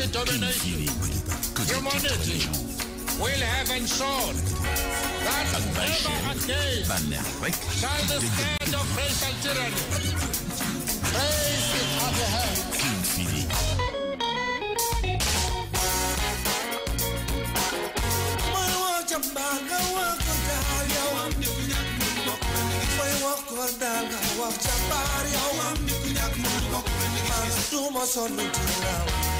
to dominate you. will have ensured that never again shall the stand of racial tyranny raise its upper head. Banga wako dalia wamni kunyak mungo Kwe wako dalia wak chapari Wamni kunyak mungo Manstumo sonu tulawa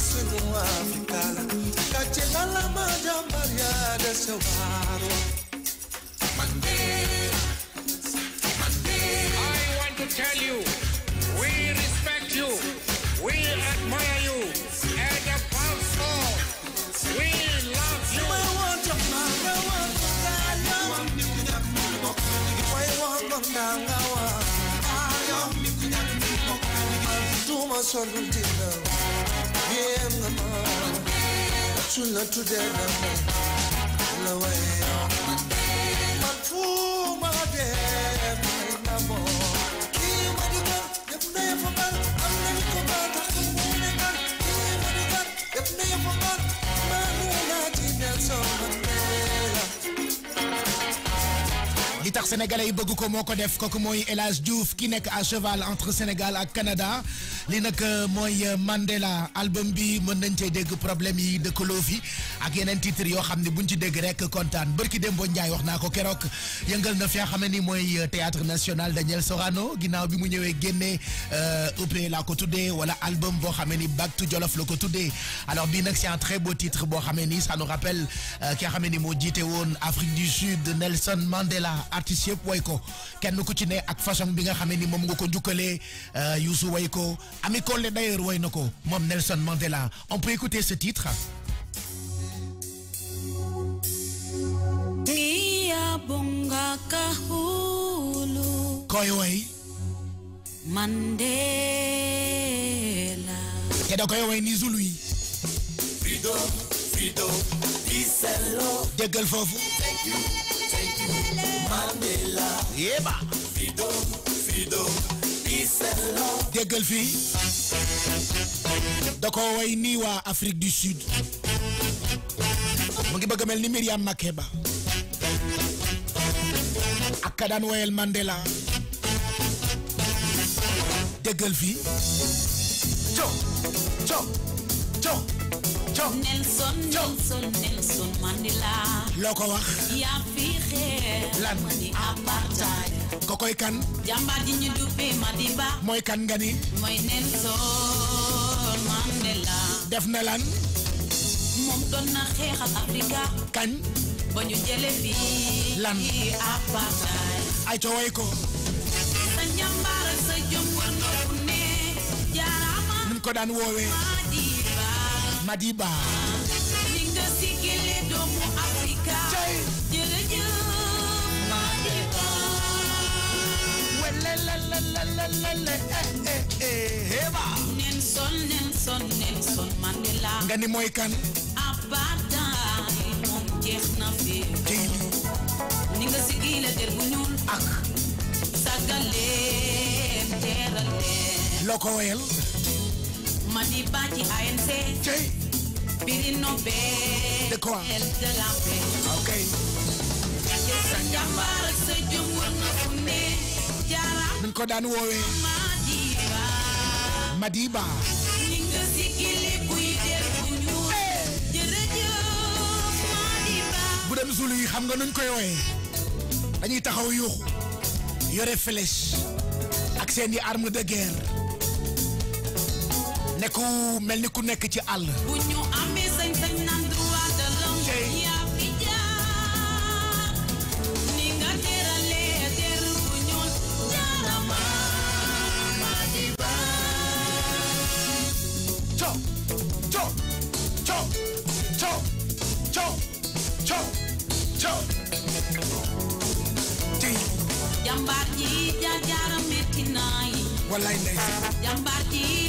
africana I want to tell you, we respect you, we admire you And above all, we love you I want I want I want to I want I want no you not today no more. tax sénégalais yi bëgg ko moo ko def kooku mooy El Diouf ki nekk à cheval entre Sénégal ak Canada li nag euh, mooy euh, Mandela album bi mën nañ cee dégg problème yi dëkkaloo fi ak yeneen titre yoo xam ne buñ ci dégg rek kontaan barki Dembo Ndiaye wax naa yëngal na fi ni mooy euh, théâtre national Daniel Sorano ginnaaw bi mu ñëwee génnee EP la ko tuddee wala album boo xam ni Back to Jolof la ko tuddee alors bii nag c'est un très beau titre boo xam ni ça nous rappelle ki nga ni moo jiite Afrique du Sud Nelson Mandela artistes yëpp way ko kenn ku ci ne ak façon bi nga xam ni moom nga ko njukkalee euh, Youssou way ko Ami Collé d'ailleurs way na ko moom Nelson Mandela on peut écouter ce titre. koy way. Mandela. te da koy way ni Zulu yi. Fido Fido Picelo. déggal foofu. Mandela. yéba. freedom freedom peace and love. déggal fii da ko way nii waa Afrique du Sud mu ngi bëgg mel ni Miriam Makeba ak ka daan woyal Mandela déggal fii jo jo Nelson Nelson Nelson loo ko wax yaa fi xeer lan ko koy kan jàmbaar ji ñu duppee Madiba mooy kan nga ni mooy Nelson def na moom doon na xeexal Afrika kañ ba ñu jële fii lan apartheid ay coowee sa njàmbaar sa jom war nga ku ne jaaraama nuñ ko daan woowee Madiba. li nga sigile doomu Afrika. jërëjëf Madiba. wele lele lele eh, eh, lele eh, ba. Nelson Nelson Nelson Mandela. nga ni mooy kan. abadan moom jeex na fi. ni nga sigile der bu ñuul. ak. sagale teral leen. loo ko Madiba ci ANC. Cey. Biri Nobel. de la ok. Jara. Madiba. Madiba. yi xam nga nuñ koy wooyee. dañuy taxaw yore de guerre. ne mel ni ku nekk ci àll. bu ñu amee sañ-sañ naan droit de yaa fi jaar ni nga teralee der bu ñuul. jaarama Madiba. co co co co co co co. tey. ji jaar jaaram metti naay. wallaay ndey.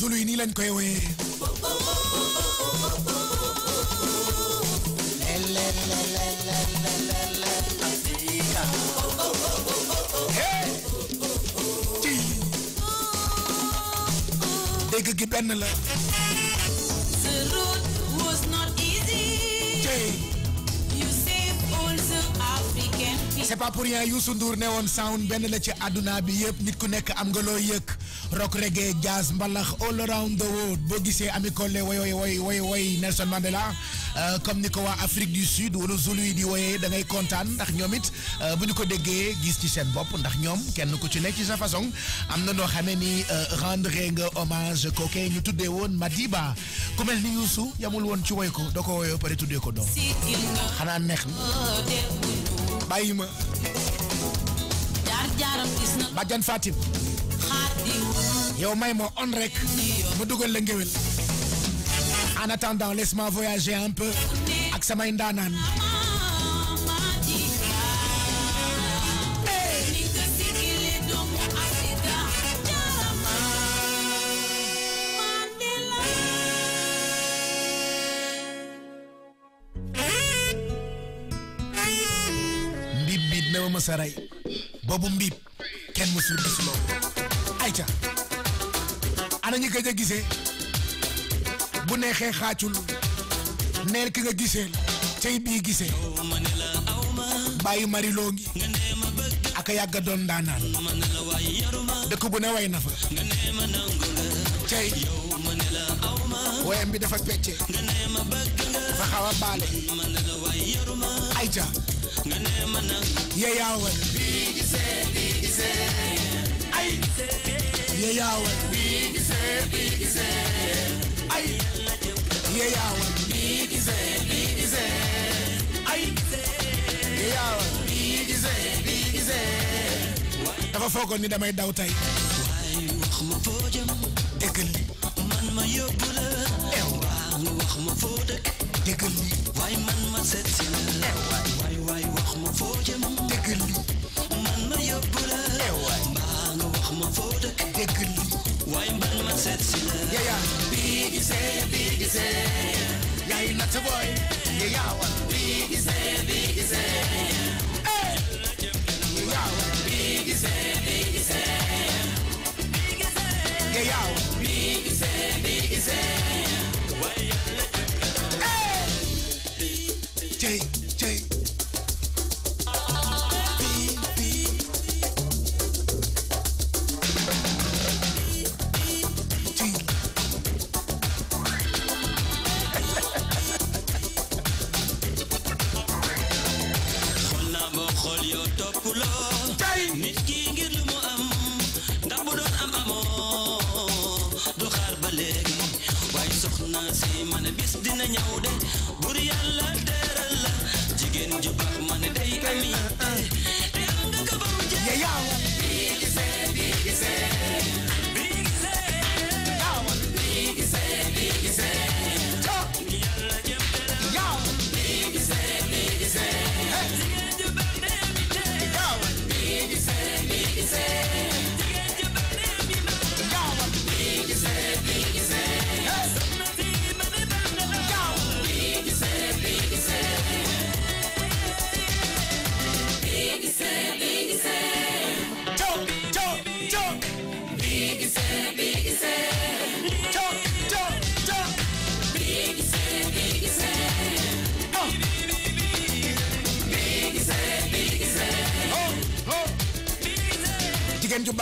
Sulu yi lañ koy woyee. dégg gi benn la. c'est pas pour rien Youssou Ndour ne sound benn la ci àdduna bi yëpp nit ku nekk am nga loo rock reggae jazz mbalax all around the world boo gisee Ami Collé woy woy woy woy Nelson Mandela euh, comme ni ko waa Afrique du Sud wala Zulu yi di woyee da kontaan ndax ñoom it euh, bu ñu ko déggee gis ci seen bopp ndax ñoom kenn ku ci nekk ci sa façon am na noo xamee ni euh, rendre nga hommage kookee ñu tuddee woon Madiba ku mel ni Youssou yamul woon ci woy ko da ko woyoo pare tuddee ko doom xanaa neex na bàyyi ma bàjjan Fatim yow may ma on rek ma dugal la ngéwél en attendant laisse-moi voyager un peu ak samay ndaanaan mbiib mbiib meewa ma saray boobu mbiib kenn mësul gis loolu ayca ana ñi gëj a gisee bu neexee xaacul neel ki nga giseel cey bii gisee bàyyi mari loo ngi ak a yàgg a doon ndaanaan dëkk bu ne way na fa wayam bi dafa pecce dafa xaw baale ayca yeeyaa war bii gisee bii gisee ay yeyaawal bi gisee bi gisee ay yeyaawal bi gisee bi gisee ay yeyaawal bi gisee bi gisee dafa foogoon ni damay daw tey déggal li man ma yóbbu la ew wax ma foo dëkk déggal li man ma seet si la wax ma foo jëm déggal li man ma yóbbu la ew déglu waaye mbal ma seet si la yaya bii gisee bii gisee yaay natt booy yayaawal bii gisee bii gisee yayaawal bii gisee bii gisee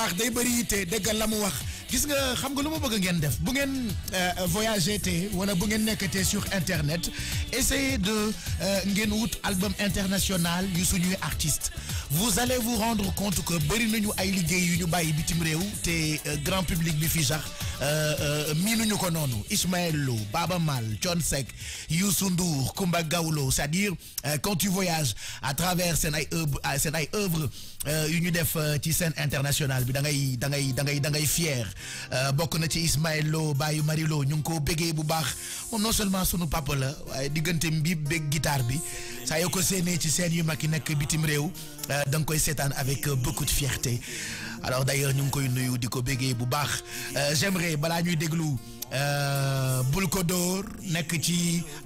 baax day bëri yitte déggal la mu wax gis nga xam nga lu ma bëgg ngeen def bu ngeen euh, voyager té wala bu ngeen sur internet essayez de euh, ngeen wut album international yu suñuy artiste vous allez vous rendre compte que bëri nañu ay liggéey yu ñu bàyyi bitim réew te euh, grand public bi fi sax euh, euh, minuñu ko noonu Ismaël Lo Baba Mal John Sek, Youssou Ndour Kumba Gaulo c'est-à-dire euh, quand tu voyages à travers seen ay œuvre seen ñu def ci scène internationale bi da ngay da ngay da ngay da ngay fier bokku na ci Ismaël Lo Baye Marie ñu ko bu baax non seulement sunu papa la waaye Mbib, bi guitare bi saa yoo ko ci scène yu mag nek bitim rew da koy sétane avec beaucoup de fierté alors d'ailleurs nous avons koy nuyu euh, j'aimerais nous ñuy déglu Euh, dor,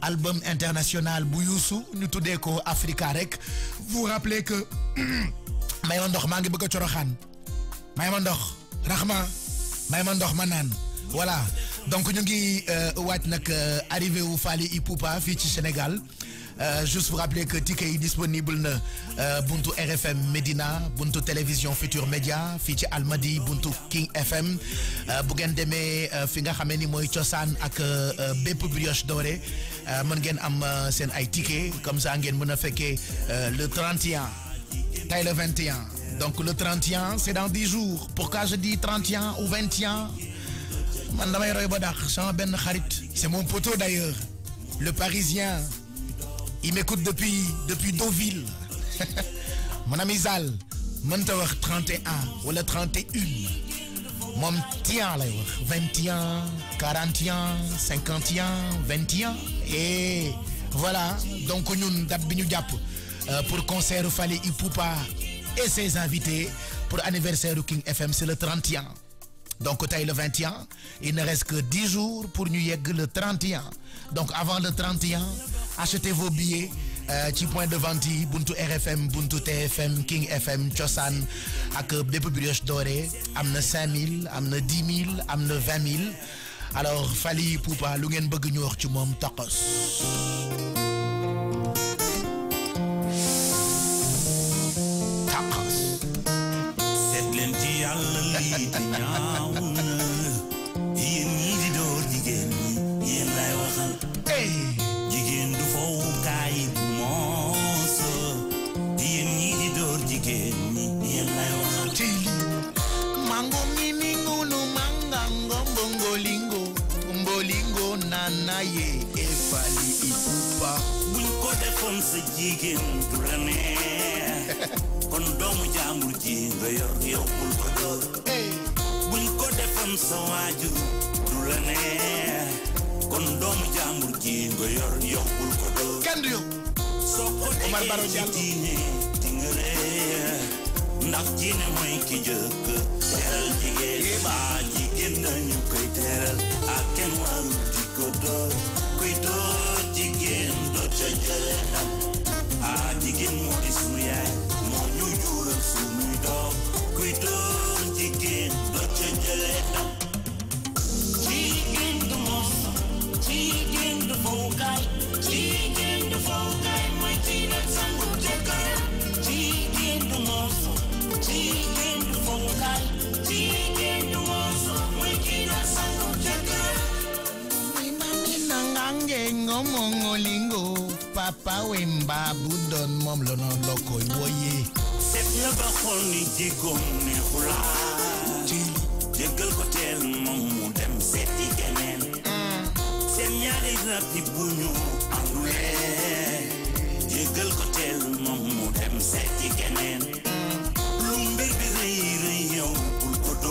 album international bu nous Africa vous rappelez que mais on ndox ngi bëgg que voilà donc nous ngi dit euh, euh, arrivé wu falli Ipupa Sénégal euh, juste pour rappeler que ticket est disponible na euh, buntu RFM Medina buntu télévision Futur Média Future Almadi buntu King FM euh, bu ngeen démé fi nga xamé ni moy cosaan ak Bepp brioche dorée am sen ay ticket comme ça ngeen mëna le 31 taille le 21 donc le 31 c'est dans 10 jours pourquoi je dis 31 ou 21 c'est mon poteau d'ailleurs le parisien il m'écoute depuis, depuis Deauville. mon ami Zal, mon 31 ou le 31. Mon 21, 41, 51, 21. Et voilà, donc nous d'abinu euh, pour concert Fallait pas et ses invités pour anniversaire du King FM, c'est le 31. Donc, taille le 21, il ne reste que 10 jours pour nous y le 31. Donc, avant le 31, Achetez vos billets. Euh, petit point de vente, Buntu RFM, Buntu TFM, King FM, Chosan, ak euh, des brioche dorés, amna 5000, amna 10 000, amna 20 000. Alors, Fali Poupa, lu ngeen bëgg ñu wax à moom doon sa jigéen du la neex kon doomu jaambur ji nga yor yow bul ko dóor buñ ko du la neex kon doomu jaambur ji nga yor yow bul ko dóor kenn du yow soo ko tegee ci diine di ndax diine mooy ki jëkk teral jigéen baa jigéen nañu koy teral ak kenn warul di ko kwito jigéen doo ca jële ndam ah jigéen moo di sunu yaay moo ñu jural sunuy doom kwito jigéen doo ca jële ndam jigéen du mos jigéen du fowkaay jigéen du fowkaay mooy ci nag sangu jëkkër jigéen du mos jigéen du fowkaay jigéen ngom ngolingo papa wemba budon mom lono loko boye set na ba ni jegom ne xula ci ko tel mom dem seti keneen seen ñaari rab yi bu ñu andule ko tel mom dem seti keneen lu bi rëy rëy yow bul ko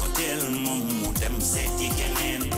ko tel mom dem seti keneen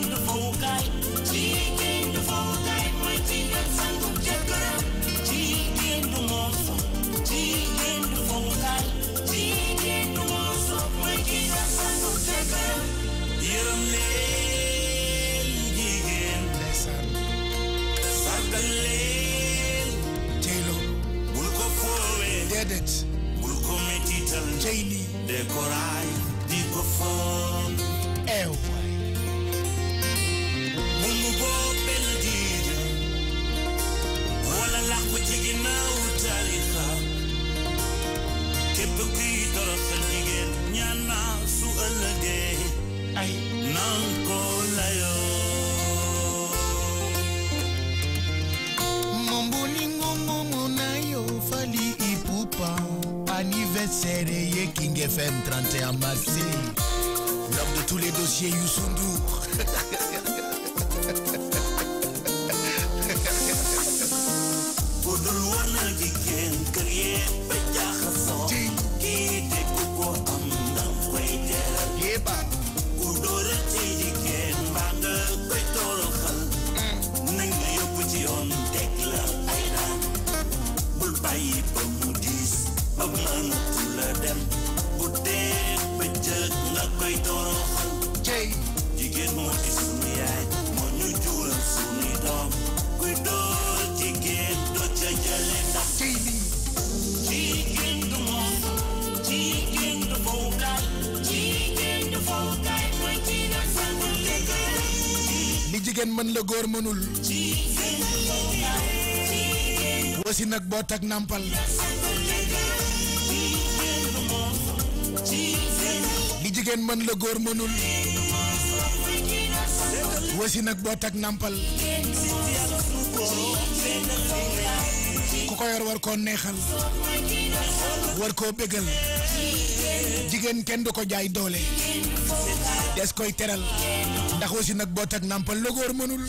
decorai, dico fon. É o Bumu bo beldida. Wala la ko tigi na utaliha. Képp kuy doxal jigéen ñaan naa su ëllëgee. E Ay nang séeréer King FM 31 mars l'homme de les dossiers Youssou Ndour dul war na jigéen kër yépp jaxasoo kii te ku ko am ndam koy teral bu dul ci jigéen mbaa nga koy mënatu la dem bu dee bëccëg nga koy toroxal jey jigéen moo di sunu yaay moo ñu jural sunu doom kuy door jigéen doo ca jële ndax jey bi jigéen du moom jigéen du fowkaay jigéen du fowkaay mooy ci nag sama liggéey li jigéen mën la góor mënul jigéen du fowkaay jigéen wasi nag boo tag nàmpal jigéen mën la góor mënul wasi nag boot ak nàmpal ku ko yor war koo neexal war koo bégal jigéen kenn du ko jaay doole des koy teral ndax wasi nag boot ak nampal la góor mënul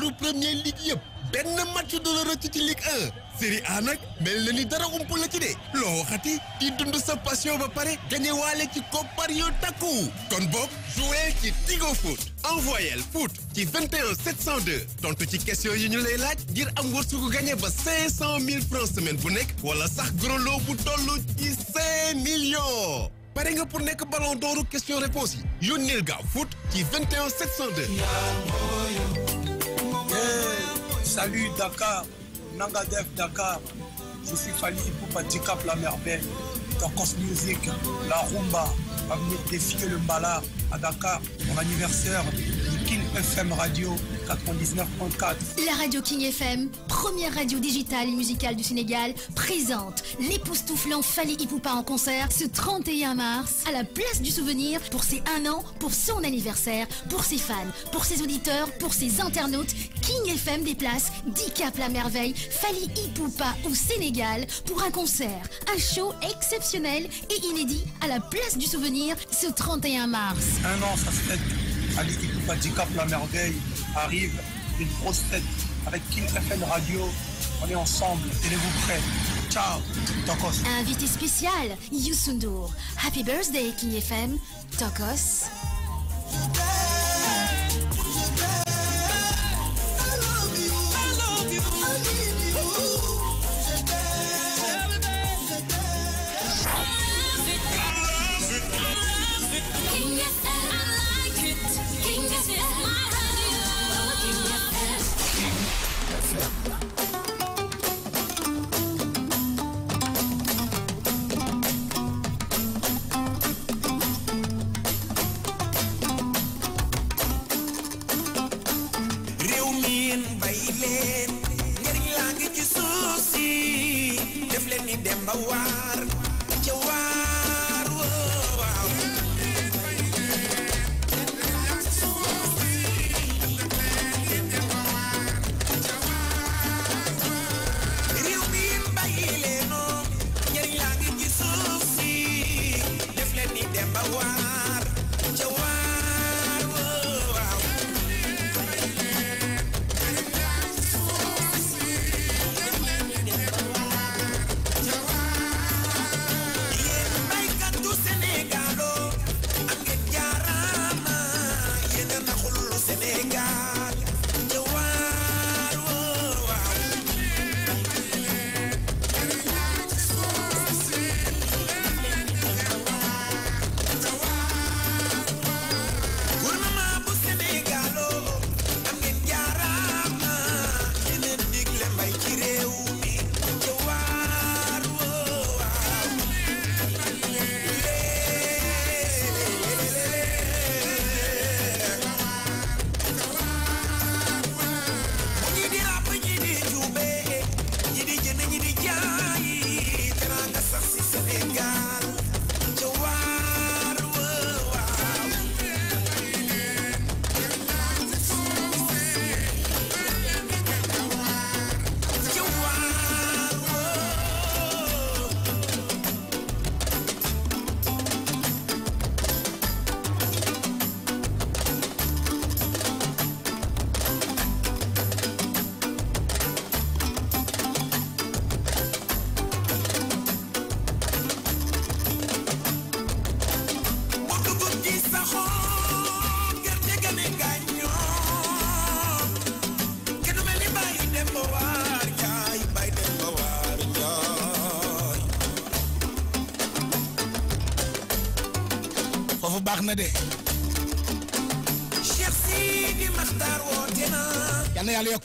joueuru premier ligue yëpp match de la rëcc ci ligue 1 série A nak mel na ni dara ump la ci de lo waxati di dund sa passion ba pare gañe walé ci koppar yu takku kon bok jouer ci Tigo Foot le foot ci 21 702 tontu ci question yu ñu lay laaj ngir am ko gañe ba 500 000 francs semaine bu nek wala sax gros lot bu tollu ci 5 millions pare nga pour nek ballon d'or question réponse yi yónneel gaaw foot ci 21 702 salut Dakar, Nangadev Dakar. Je suis Fali pour handicap la merveille. Dans Music, la rumba, va venir défier le malade à Dakar pour l'anniversaire du King FM Radio 99.4. La radio King FM, première radio digitale et musicale du Sénégal, présente l'époustouflant Fali Ipupa en concert ce 31 mars à la place du souvenir pour ses 1 an, pour son anniversaire, pour ses fans, pour ses auditeurs, pour ses internautes. King FM déplace 10 la merveille, Fali Ipupa au Sénégal pour un concert, un show exceptionnel et inédit à la place du souvenir ce 31 mars un an, sa tête à l'équipe du handicap La Merveille arrive, une grosse tête avec King FM Radio. On est ensemble, tenez-vous prêts. Ciao, Tokos. Invité spécial, Youssoundour. Happy birthday, King FM, Tokos.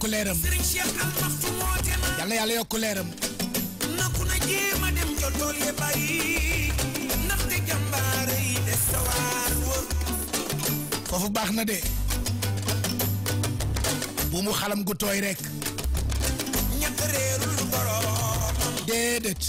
yokk leeram na yàlla na jéema dem jotolle bàyyi ndaxte jàmbaare yi des sawaar wër foofu baax na de bu xalam gu tooy rek ñàkk réerul boroomam déedéet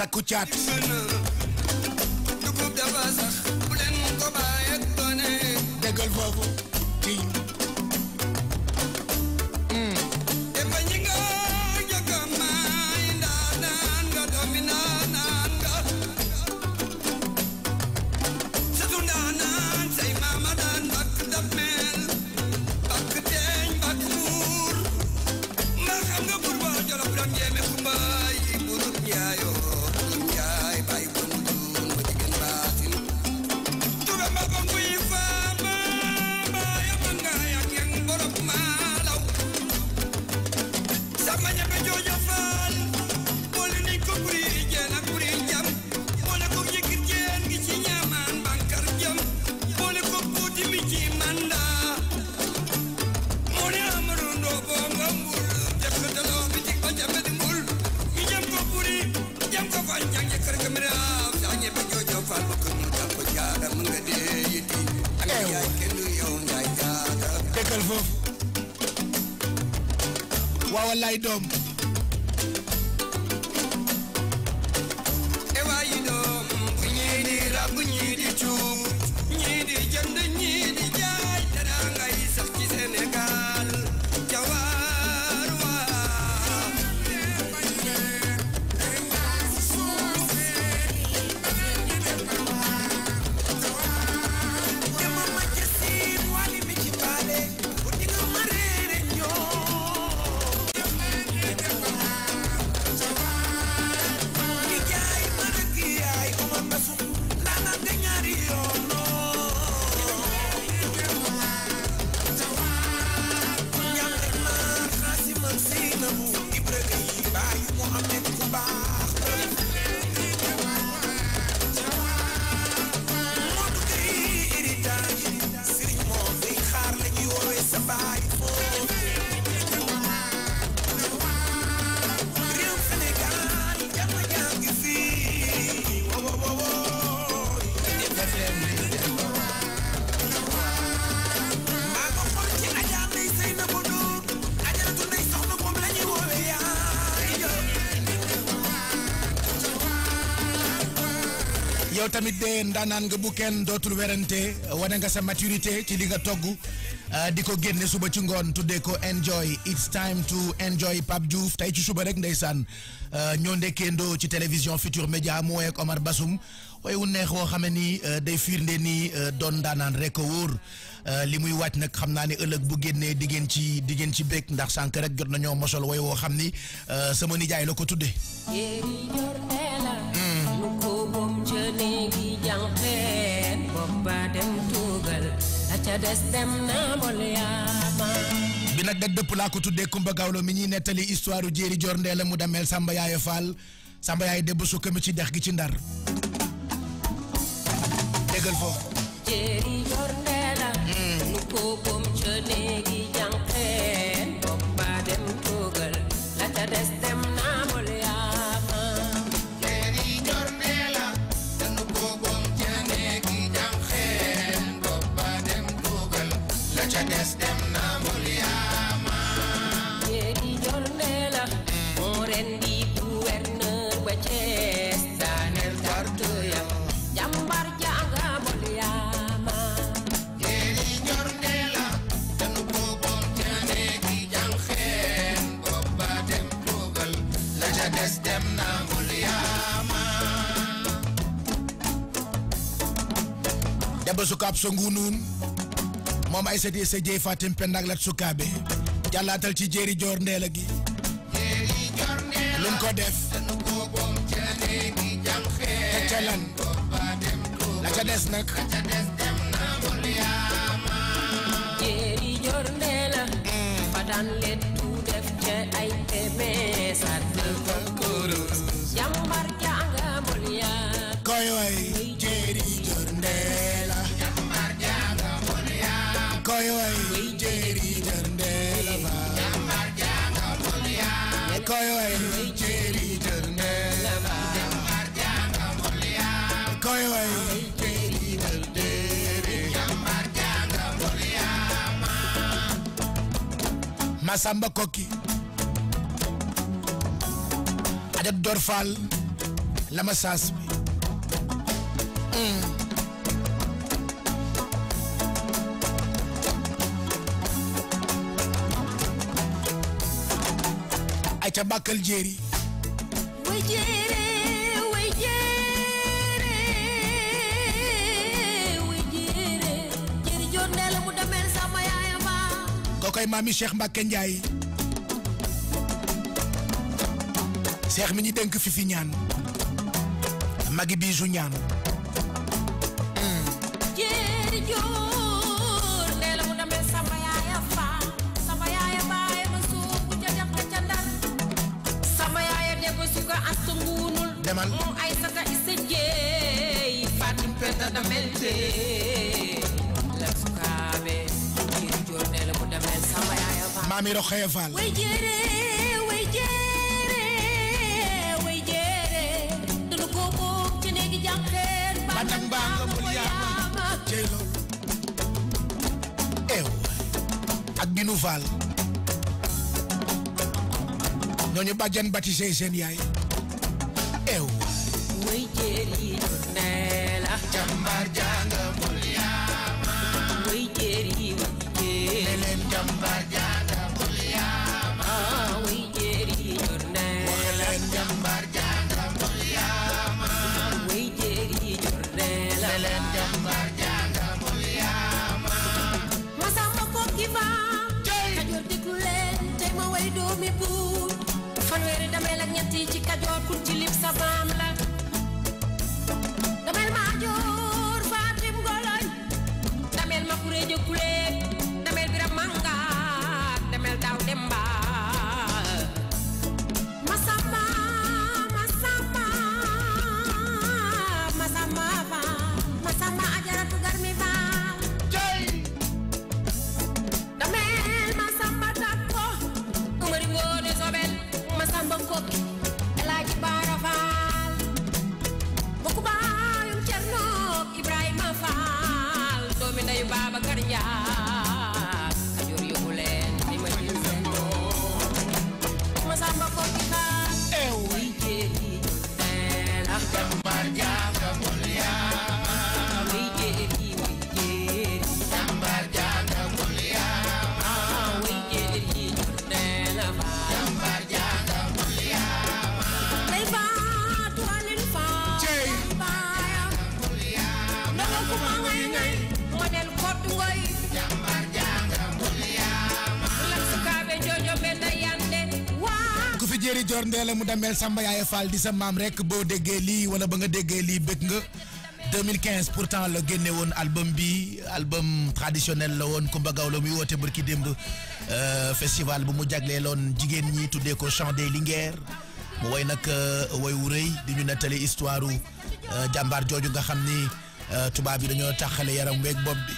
rakku caat déggal foofu wallahi doom tamit de ndaanaan nga bu kenn dootul werante wane nga sa maturité ci li nga togg euh, di ko génne suba ci ngoon tuddee ko enjoy it's time to enjoy Pape Diouf tey ci suba rek ndeysaan euh, ñoo ndekkeendoo ci télévision Futur Média mu woyeek Omar Bassoum way wu neex woo xamee ni euh, day firnde ni doon ndaanaan rek a wóor li muy wàcc nag xam naa ne ëllëg bu génnee di ngeen ci di ngeen ci bëgg ndax sànq rek jot nañoo mosol way woo xam ni sama nijaay la ko tudde bi nag dag dëpp laa ko tuddee Kumba Gawlo mi ñuy nettali histoire u jéeri jor ndee mu demeel Samba Yaaye Fall Samba Yaaye debb su ci dex gi ci Ndar déggal foofu Demba Sukaab songu nuun moom ay Fatim pendak suka Lat sukabe jàllaatal ci jéeri joor ndeela gi ko def te ca des nag jéeri joor tu def ay Masamba Kokki Aja Dor Fall lama saas ay ca bàkkal jéeri koy maami Cheikh Mbacke Ndiaye Cheikh mi ñu denk fifi ñaan magi biisu ñaan doomi Rokhaya Fall batang banga mulyaama cey lool eew ak ginu Fall ñooñu bàjjan baptisé seen yaay eew eh, way jeri ne la jambar Dior Ndella mu dameel Samba Yaay Fall di sa maam rek boo déggee lii wala ba nga déggee lii bëgg nga 2015 pourtant la génne woon album bi album traditionnel la woon Kumba Gawlo muy woote bërki démb euh, festival bu mu jagleeloon jigéen ñi tuddee ko chant des Linguères mu woy nag euh, woy wu rëy di ñu nettali histoire euh, jàmbaar jooju nga xam ni tubaab bi dañoo taxale yaram weeg bopp bi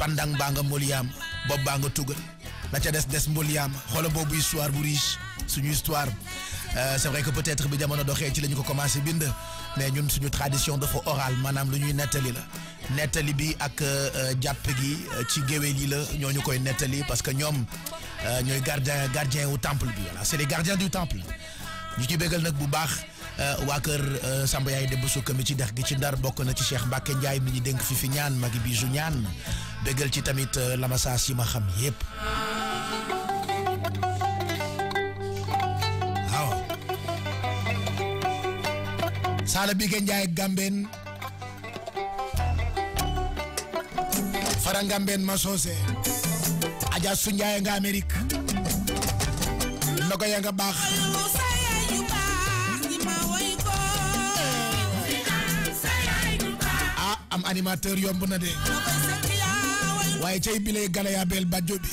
pandang baa nga mboliyaam bopp baa nga tugal la ca des des mboliyaam xoola boobu histoire bu riche suñu histoire euh, c'est vrai que peut-être bi jamono doxé ci lañu ko commencé bind mais ñun suñu tradition dafa oral manam luñuy netali la netali bi ak euh, euh, japp gi ci géwél yi la ñoo koy parce que ñom ñoy gardien gardien au temple bi voilà c'est les gardiens du temple ñu ci bégal nag bu baax wa kër Samba yaay de Boussou mi ci dex gi ci ndar bokk na ci Cheikh Mbacke Ndiaye mi ñi dénk fi fi ñaan magi ñaan bégal ci tamit lamasaas yi ma xam yépp sala bige njaay gamben fara gamben masose aja su njaay nga amerik nogo ya nga bax ah am animateur yomb na de waye cey bile gala ya bel badjo bi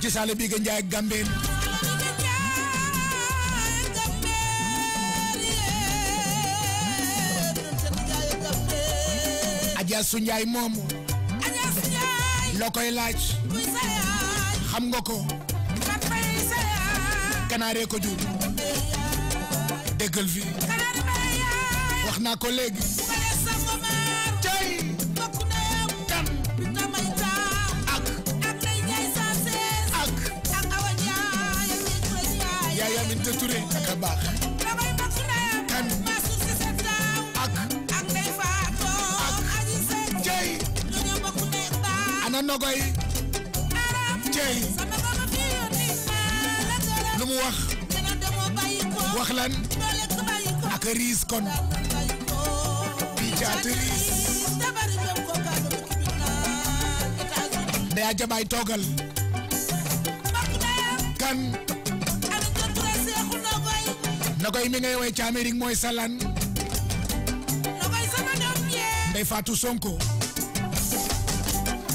ci saale bi gën jaay gambeen Adja su Njaay moom loo koy laaj xam nga ko kanaaree ko jur déggal fi wax naa ko léegi Aminata Touré ka baax kan ak ak Ndeye Fatou ak Jey ana Nogoy Jey lu mu wax wax lan ak riis kon bi jaat riis Ndeye Adja Mbaye toogal kan nogoy mi ngay way ci Amérique mooy salan nogoy sama doom yee Ndeye Fatou Sonko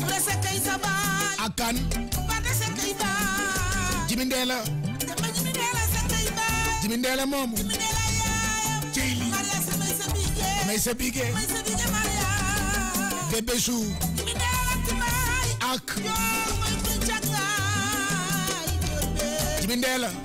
la sekay saba akan ba da sekay ba jimi moomu jimi ndeela ceyli maria samay sa bige may sa bige may sa bige maria bébé jou jimi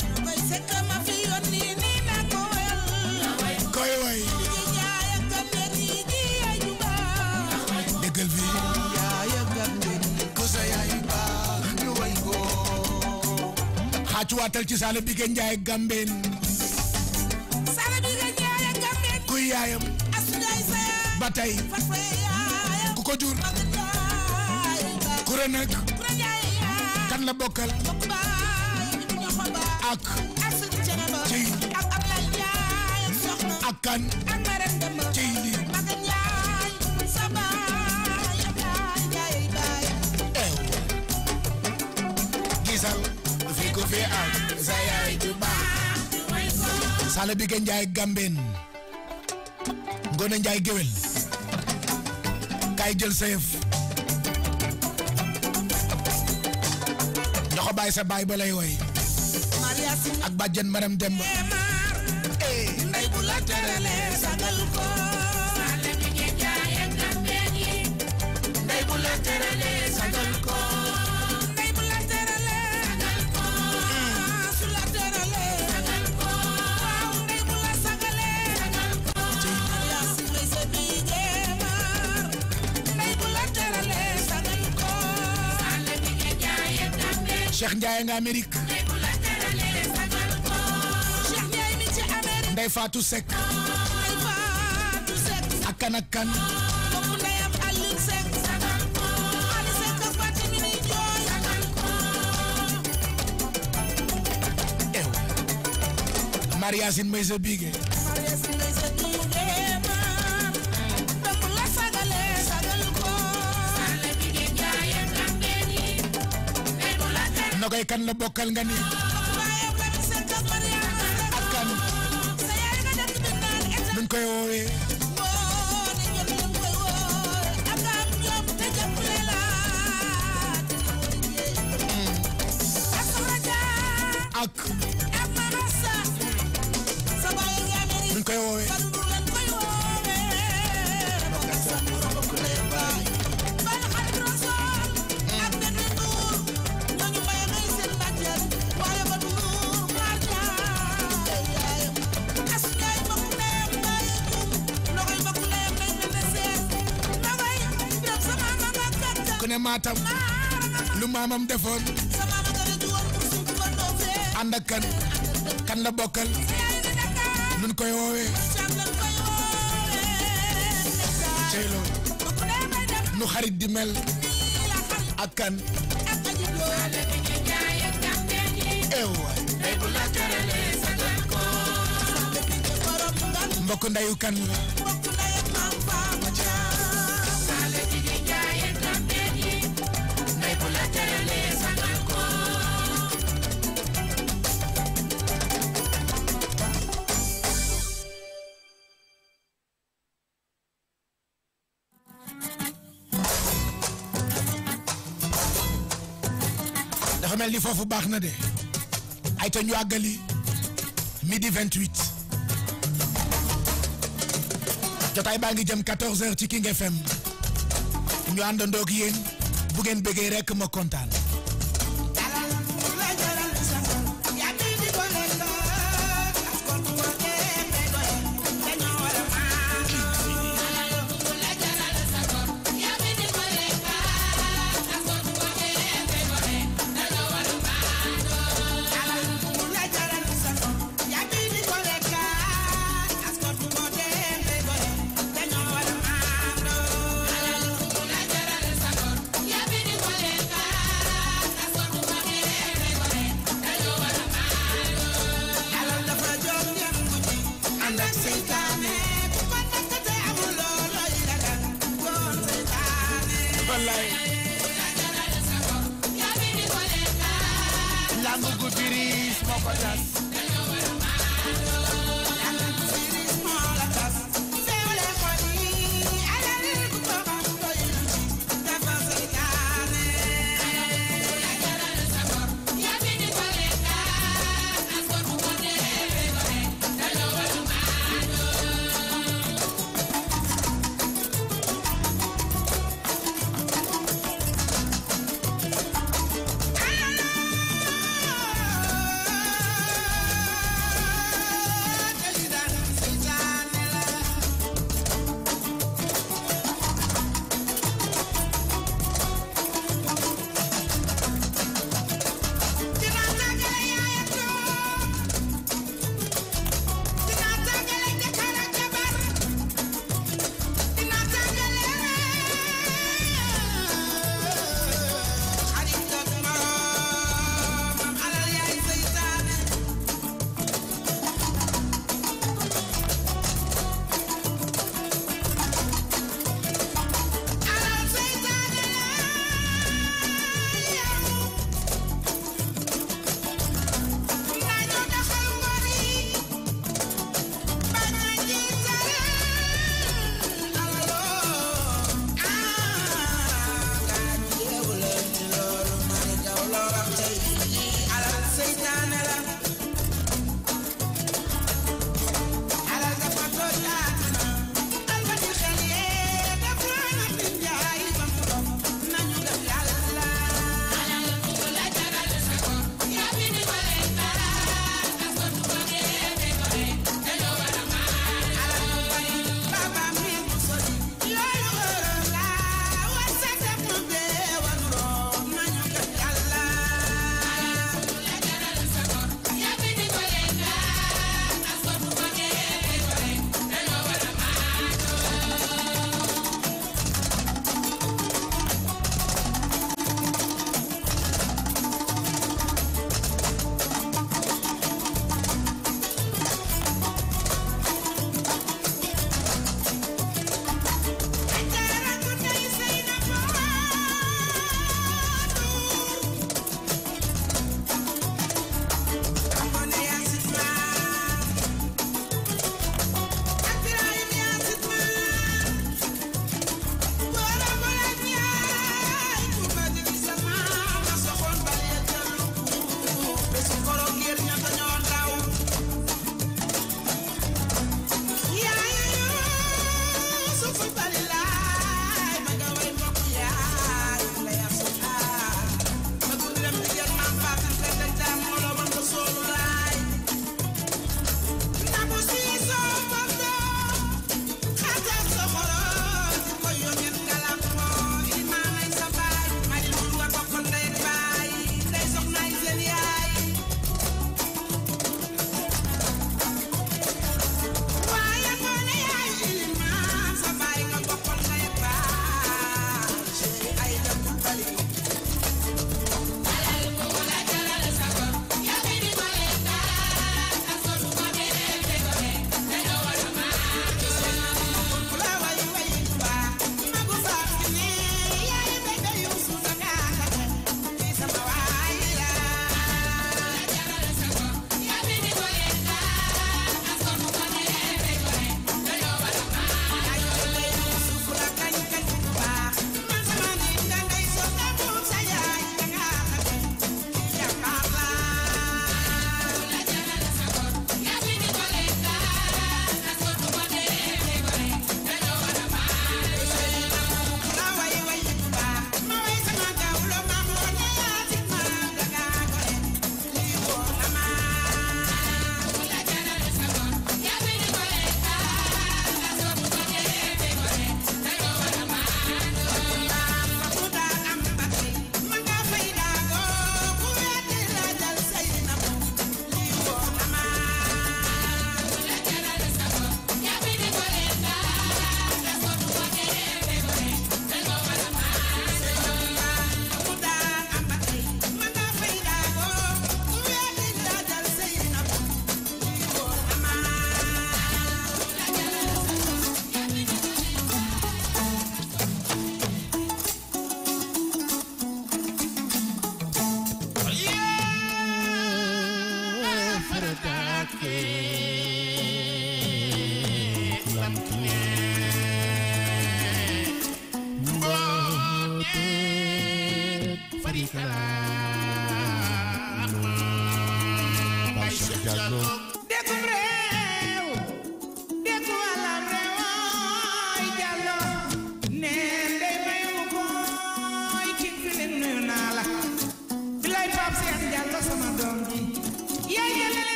waatal ci saala bi ngeen jaay gambeen saala bi ngeen jaay gambeen kuy yaayam ba tey ku ko jur kure nag kan la bokkal ak ci ak kan ci fe am zayay tuba sala bi ge njaay gamben ngone njaay gewel kay jël sayef joxo baay sa baay ba lay woy ak bàjjen maram demba Cheikh Ndiaye nga Amérique Ndey Fatou Seck ak kan ak kan Maria Sin Maysa Bigué kan la bokkal nga ni ak kan nuñ koy woowee Matam lu maamam defoon ànd ak kan kan la bokkal nun koy woowee ceylo nu xarit di mel ak kan ew mbokk ndayu kan la foofu baax na de ay ta ñu àggali midi 28 jotaay baa ngi jëm 14 heures ci King FM ñu àndandoo ak yéen bu ngeen bëggee rekk ma kontaan làmb gu biriis moo ko tas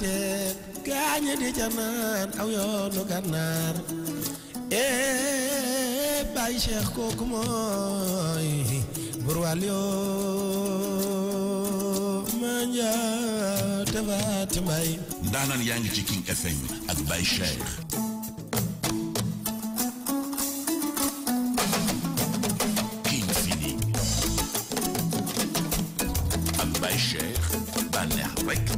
teen gaañi di ca naan aw yoonu gànnaar ee eh, baay Cheikh kooku mooy bur wàll yoo ma njaa te faati mbay ndaanaan yaa ngi ci King FM ak baay Cheikh like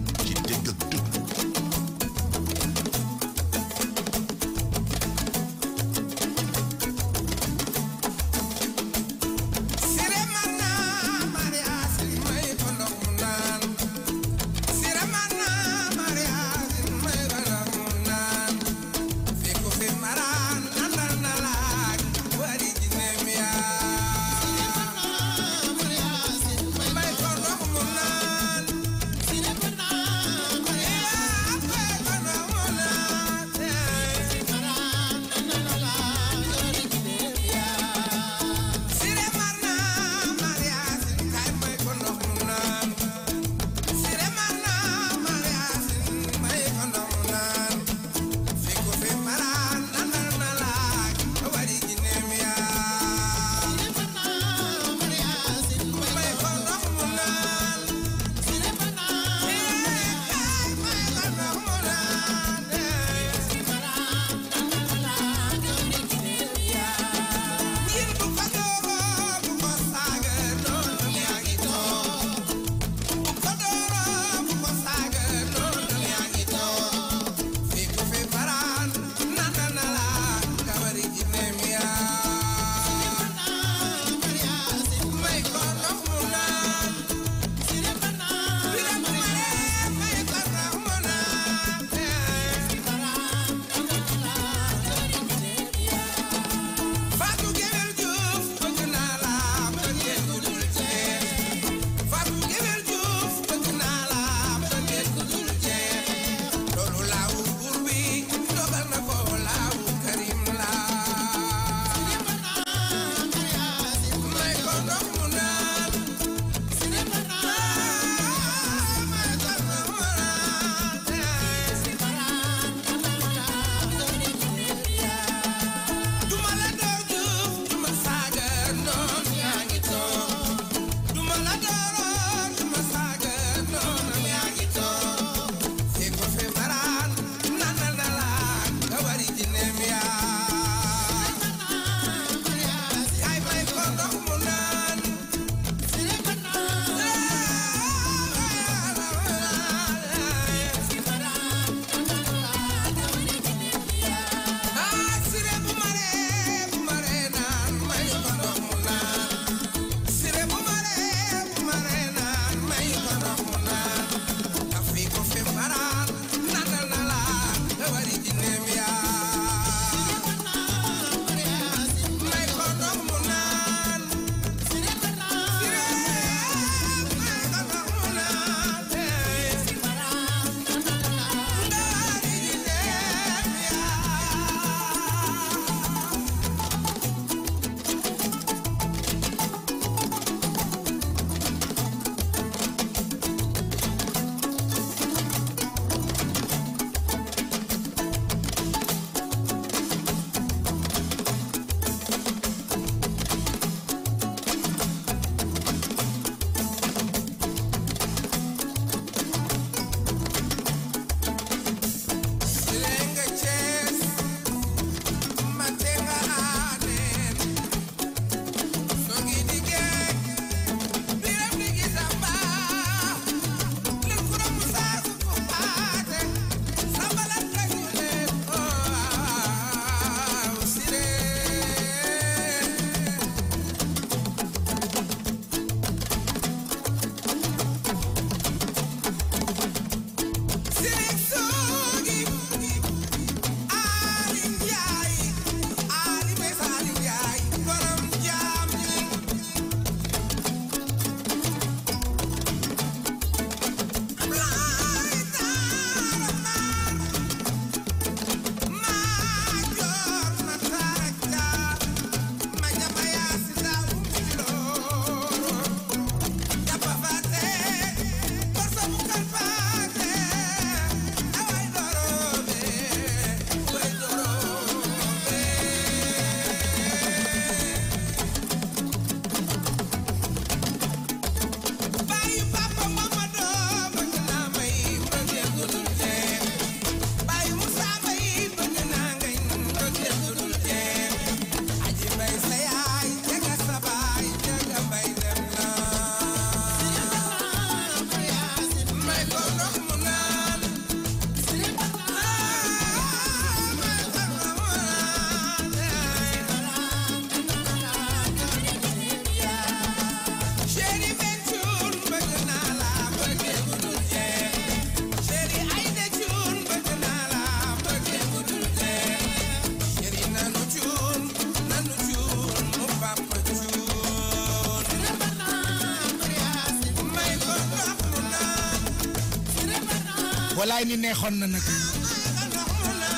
ni neexoon na nag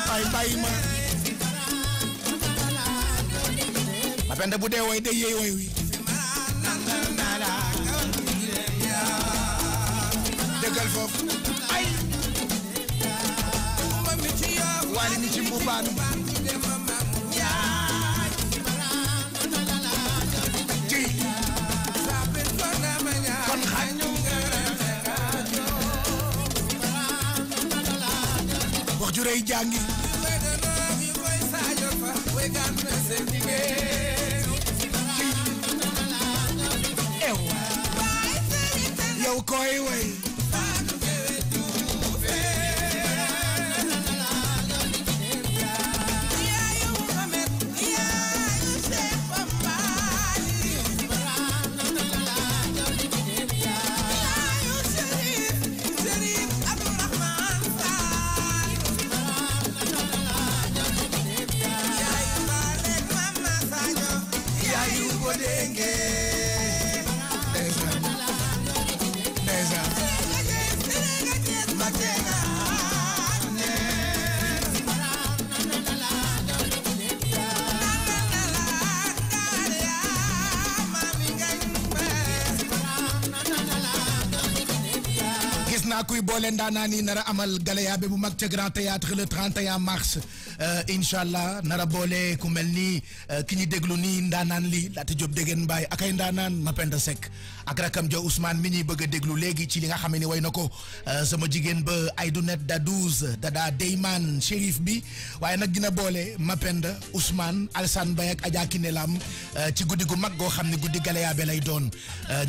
waaye bàyyi ma ma penda bu dee woy day yey woy wi dëggal foofu ay waali mi ci mbuubaan ngay jàngi télé ndaanaan yi nar a amal galayaabe bu mag ca grand théâtre le 31 mars euh, incha allah nar a boole ku mel ni euh, ki ñu déglu nii ndaanaan li laata Diop dégeen mbaay ak ay ndaanaan Mapenda Seck ak rakam jo Ousmane mi ñuy bëgg déglu léegi ci li nga xam ne way na ko euh, sama jigéen ba Aïdou Net da 12 Dada bi waaye nag dina boole Mapenda Ousmane Alsane Baye ak Adja Lam ci guddi gu mag goo xam ne guddi galayaabe lay doon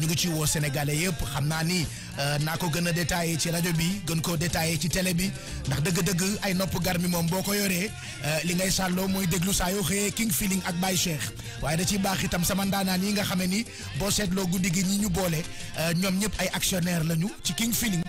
ñu ngi ci woo Sénégalais yëpp xam naa nii Euh, naa ko gën a détaillé ci rajo bi gën koo détaillé ci télé bi ndax dëgg-dëgg ay nopp gar mi moom boo ko yoree euh, li ngay sàlloo mooy déglu saa yoo xëyee King Feeling ak Baye Cheikh waaye da ciy baax itam sama ndaanaan yi nga xamee ni boo seetloo guddi gi ñi ñu boole euh, ñoom ñëpp ay actionnaire lañu ci King Feeling